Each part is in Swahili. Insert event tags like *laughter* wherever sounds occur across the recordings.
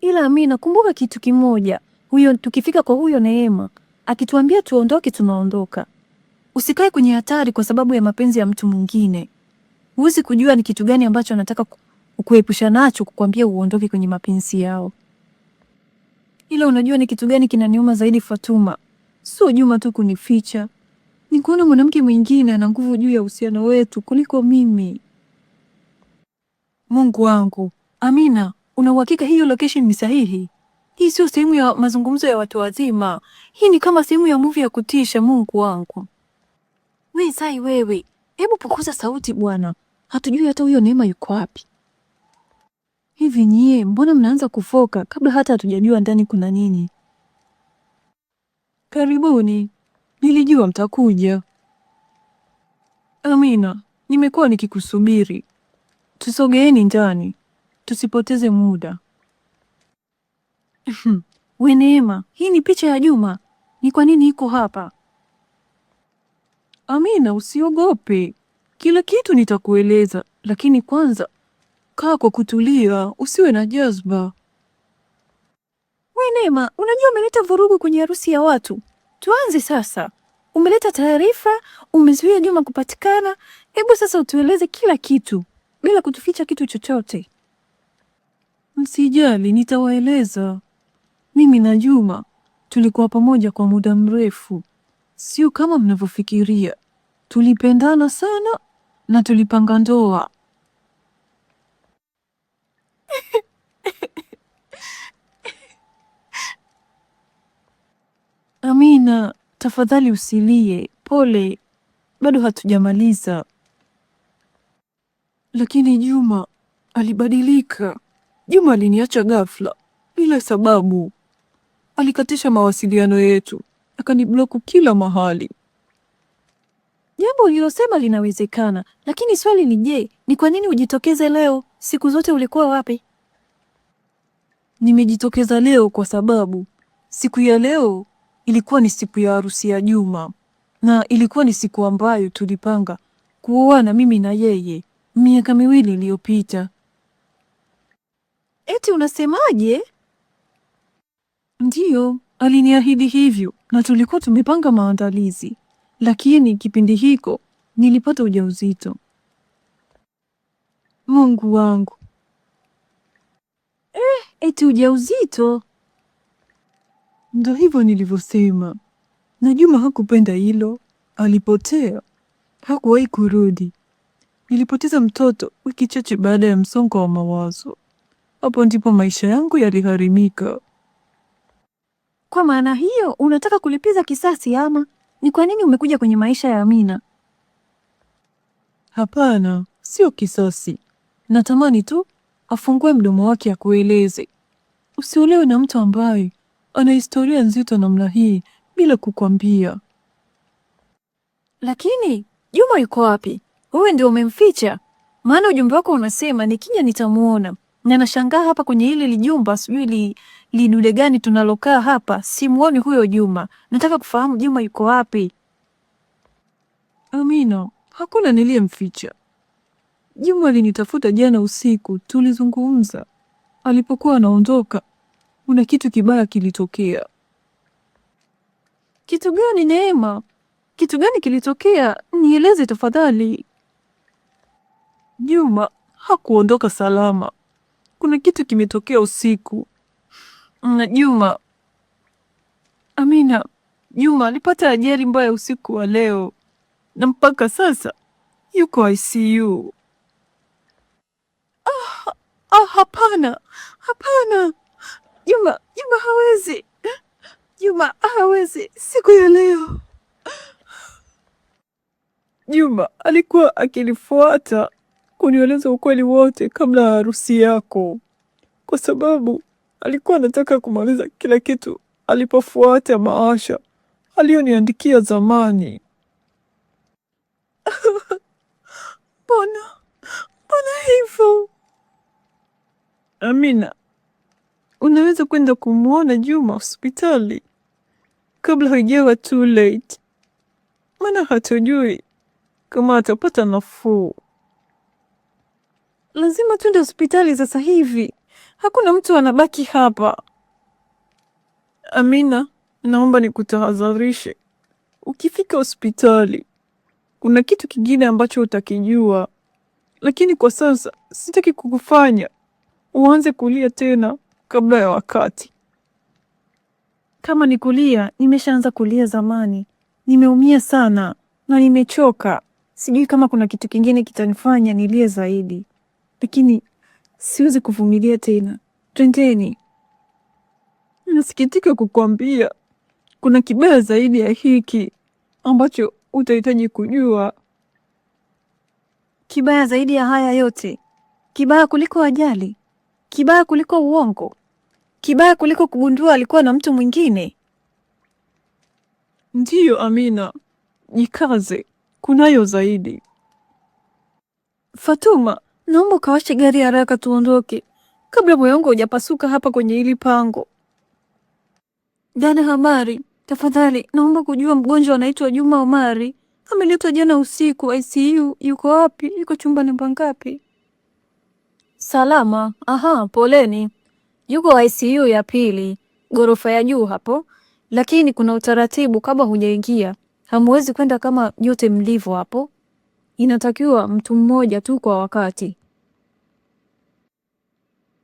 Ila Amina, kumbuka kitu kimoja, huyo tukifika kwa huyo Neema akituambia tuondoke, tunaondoka. Usikae kwenye hatari kwa sababu ya mapenzi ya mtu mwingine. Huwezi kujua ni kitu gani ambacho anataka kukuepusha nacho, kukwambia uondoke kwenye mapenzi yao. Ila unajua ni kitu gani kinaniuma zaidi, Fatuma? Sio Juma tu kunificha, ni kuona mwanamke mwingine ana nguvu juu ya uhusiano wetu kuliko mimi. Mungu wangu, Amina, Una uhakika hiyo location ni sahihi? Hii sio sehemu ya mazungumzo ya watu wazima, hii ni kama sehemu ya muvi ya kutisha. Mungu wangu! We Zai, wewe hebu pukuza sauti bwana, hatujui hata huyo Neema yuko wapi. Hivi nyie, mbona mnaanza kufoka kabla hata hatujajua ndani kuna nini? Karibuni, nilijua mtakuja. Amina, nimekuwa nikikusubiri. Tusogeeni ndani. Tusipoteze muda. *laughs* We Neema, hii ni picha ya Juma. Ni kwa nini iko hapa? Amina, usiogope, kila kitu nitakueleza, lakini kwanza kaa kwa kutulia, usiwe na jazba. We Neema, unajua umeleta vurugu kwenye harusi ya watu. Tuanze sasa. Umeleta taarifa, umezuia Juma kupatikana. Hebu sasa utueleze kila kitu bila kutuficha kitu chochote. Msijali, nitawaeleza. Mimi na Juma tulikuwa pamoja kwa muda mrefu, sio kama mnavyofikiria. Tulipendana sana na tulipanga ndoa. *laughs* Amina, tafadhali usilie. Pole, bado hatujamaliza. Lakini Juma alibadilika. Juma aliniacha ghafla bila sababu. Alikatisha mawasiliano yetu, akanibloku kila mahali. Jambo ulilosema linawezekana, lakini swali ni je, ni kwa nini ujitokeze leo? Siku zote ulikuwa wapi? Nimejitokeza leo kwa sababu siku ya leo ilikuwa ni siku ya harusi ya Juma, na ilikuwa ni siku ambayo tulipanga kuoana mimi na yeye miaka miwili iliyopita. Eti unasemaje? Ndiyo, aliniahidi hivyo na tulikuwa tumepanga maandalizi, lakini kipindi hiko nilipata ujauzito. Mungu wangu! Eh, eti ujauzito? Ndo hivyo nilivyosema, na Juma hakupenda hilo. Alipotea, hakuwahi kurudi. Nilipoteza mtoto wiki chache baada ya msongo wa mawazo. Hapo ndipo maisha yangu yaliharimika. Kwa maana hiyo unataka kulipiza kisasi ama ni kwa nini umekuja kwenye maisha ya Amina? Hapana, sio kisasi. Natamani tu afungue mdomo wake akueleze. Usiolewe na mtu ambaye ana historia nzito namna hii bila kukwambia. Lakini Juma yuko wapi? Wewe ndio umemficha, maana ujumbe wako unasema nikija nitamuona na nashangaa hapa kwenye ile lijumba sijui li, lidule gani tunalokaa hapa, simuoni huyo Juma. Nataka kufahamu Juma yuko wapi? Amina, hakuna niliyemficha. Juma alinitafuta jana usiku, tulizungumza. Alipokuwa anaondoka, kuna kitu kibaya kilitokea. Kitu gani Neema? Kitu gani kilitokea? Nieleze tafadhali. Juma hakuondoka salama kuna kitu kimetokea usiku na Juma. Amina, Juma alipata ajali mbaya usiku wa leo na mpaka sasa yuko ICU. Ah, ah, hapana, hapana. Juma, Juma hawezi. Juma hawezi siku ya leo. Juma alikuwa akinifuata kunieleza ukweli wote kabla ya harusi yako, kwa sababu alikuwa anataka kumaliza kila kitu alipofuata maasha aliyoniandikia zamani. *laughs* Mbona mbona hivyo? Amina, unaweza kwenda kumwona Juma hospitali kabla haijawa too late, maana hatujui kama atapata nafuu. Lazima tuende hospitali sasa hivi, hakuna mtu anabaki hapa. Amina, naomba nikutahadharishe, ukifika hospitali kuna kitu kingine ambacho utakijua, lakini kwa sasa sitaki kukufanya uanze kulia tena kabla ya wakati. Kama ni kulia, nimeshaanza kulia zamani. Nimeumia sana na nimechoka, sijui kama kuna kitu kingine kitanifanya nilie zaidi lakini siwezi kuvumilia tena. Twendeni. Nasikitika kukwambia kuna kibaya zaidi ya hiki ambacho utahitaji kujua. Kibaya zaidi ya haya yote, kibaya kuliko ajali, kibaya kuliko uongo, kibaya kuliko kugundua alikuwa na mtu mwingine. Ndiyo Amina, jikaze, kunayo zaidi. Fatuma Naomba ukawashe gari haraka tuondoke kabla moyo wangu hujapasuka hapa kwenye hili pango. Dana Hamari, tafadhali naomba kujua mgonjwa anaitwa Juma Omari ameletwa jana usiku ICU, yuko wapi? Yuko chumba namba ngapi? Salama. Aha, poleni. Yuko ICU ya pili, ghorofa ya juu hapo, lakini kuna utaratibu. kabla hujaingia, hamwezi kwenda kama nyote mlivyo hapo inatakiwa mtu mmoja tu kwa wakati.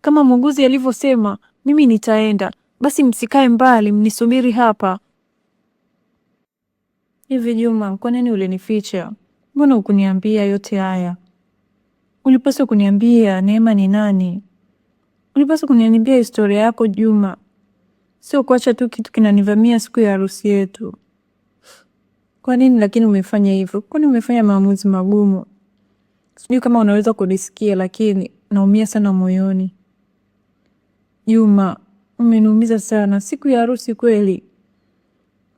Kama muuguzi alivyosema, mimi nitaenda. Basi msikae mbali, mnisubiri hapa. Hivi Juma, kwa nini ulinificha? Mbona ukuniambia yote haya? Ulipaswa kuniambia Neema ni nani. Ulipaswa kuniambia historia yako Juma, sio kuacha tu kitu kinanivamia siku ya harusi yetu. Kwa nini lakini umefanya hivyo? Kwani umefanya maamuzi magumu? Sijui kama unaweza kunisikia lakini naumia sana moyoni. Juma, umeniumiza sana. Siku ya harusi kweli.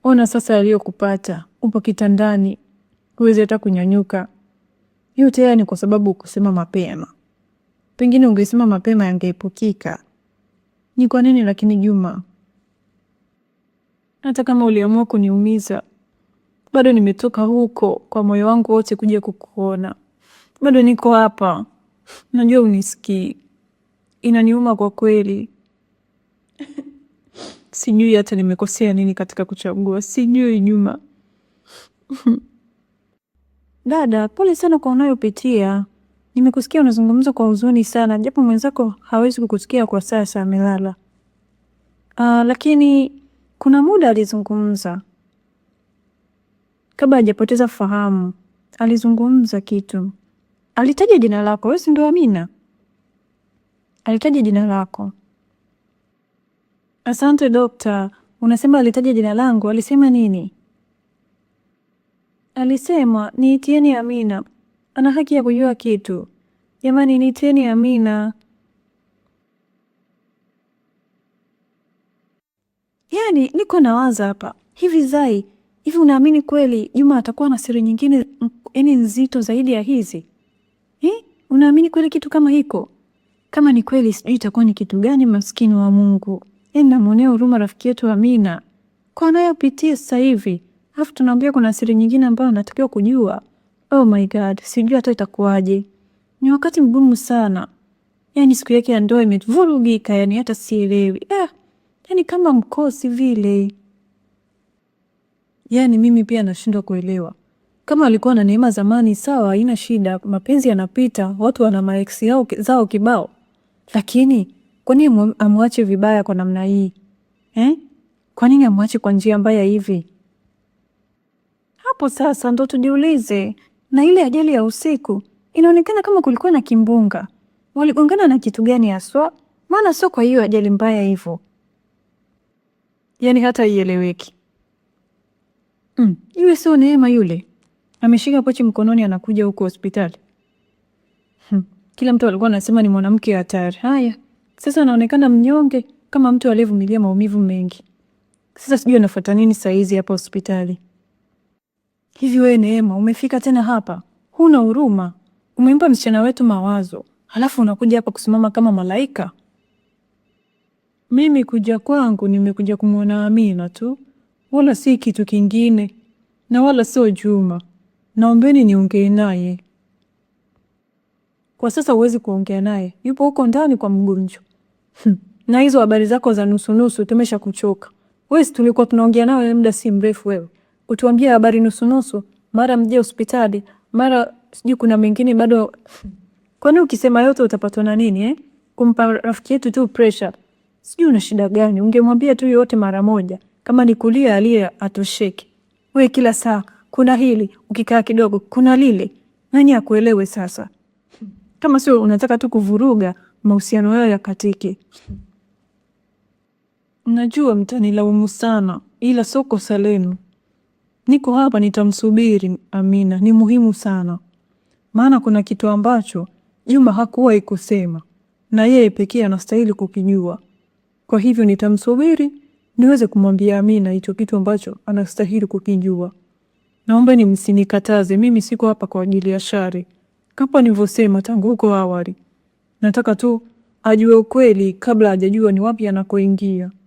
Ona sasa yaliyokupata. Upo kitandani, huwezi hata kunyanyuka. Hiyo tayari ni kwa sababu ukusema mapema. Pengine ungesema mapema yangeepukika. Ni kwa nini lakini Juma? Hata kama uliamua kuniumiza, bado nimetoka huko kwa moyo wangu wote kuja kukuona, bado niko hapa, najua unisikii, inaniuma kwa kweli. Sijui hata nimekosea nini katika kuchagua, sijui nyuma *laughs* Dada, pole sana kwa unayopitia. Nimekusikia unazungumza kwa huzuni sana, japo mwenzako hawezi kukusikia kwa sasa, amelala. Uh, lakini kuna muda alizungumza kabla hajapoteza fahamu, alizungumza kitu. Alitaja jina lako, wewe si ndio Amina? Alitaja jina lako. Asante dokta. Unasema alitaja jina langu, alisema nini? Alisema niitieni Amina, ana haki ya kujua kitu. Jamani, niitieni Amina. Yaani niko nawaza hapa hivi, Zai Hivi unaamini kweli Juma atakuwa na siri nyingine yani nzito zaidi ya hizi eh? Unaamini kweli kitu kama hiko? Kama ni kweli, sijui itakuwa ni kitu gani. Maskini wa Mungu, yani namwonea huruma rafiki yetu Amina kwa anayopitia sasa hivi, alafu tunaambia kuna siri nyingine ambayo anatakiwa kujua. Oh my God, sijui hata itakuwaje. Ni wakati mgumu sana, yani siku yake ya ndoa imevurugika, yani hata sielewi eh, ah, yani kama mkosi vile. Yaani mimi pia nashindwa kuelewa. Kama alikuwa na neema zamani, sawa, haina shida, mapenzi yanapita, watu wana maeksi yao zao kibao, lakini kwa nini amwache vibaya kwa namna hii eh? Kwa nini amwache kwa njia mbaya hivi? Hapo sasa ndo tujiulize. Na ile ajali ya usiku inaonekana kama kulikuwa na kimbunga, waligongana na kitu gani haswa? Maana sio kwa hiyo ajali mbaya hivyo, yaani hata ieleweki. Mm, iwe sio Neema yule. Ameshika pochi mkononi anakuja huko hospitali. Hmm. Kila mtu alikuwa anasema ni mwanamke hatari. Haya. Sasa anaonekana mnyonge kama mtu aliyevumilia maumivu mengi. Sasa sijui anafuata nini saa hizi hapa hospitali. Hivi wewe Neema, umefika tena hapa? Huna huruma. Umempa msichana wetu mawazo. Halafu unakuja hapa kusimama kama malaika. Mimi kuja kwangu nimekuja kumwona Amina tu wala si kitu kingine, na wala sio Juma. Naombeni niongee naye. Kwa sasa huwezi kuongea naye, yupo huko ndani kwa mgonjwa. Hm. na hizo habari zako za nusunusu tumesha kuchoka. Wesi, tulikuwa tunaongea nawe muda si mrefu, wewe utuambie habari nusunusu, mara mje hospitali, mara sijui kuna mengine bado. Kwani ukisema yote utapatwa na nini eh? Kumpa rafiki yetu tu pressure. Sijui una shida gani? Ungemwambia tu yote mara moja. Kama ni kulia alie atosheki. We kila saa kuna hili, ukikaa kidogo kuna lile, nani akuelewe? Sasa kama sio unataka tu kuvuruga mahusiano yao yakatike. Najua mtanilaumu sana, ila sio kosa lenu. Niko hapa, nitamsubiri Amina, ni muhimu sana maana kuna kitu ambacho Juma hakuwahi kusema na yeye pekee anastahili kukijua. Kwa hivyo nitamsubiri niweze kumwambia Amina hicho kitu ambacho anastahili kukijua. Naomba ni msinikataze, mimi siko hapa kwa ajili ya shari, kama nilivyosema tangu huko awali. Nataka tu ajue ukweli kabla hajajua ni wapi anakoingia.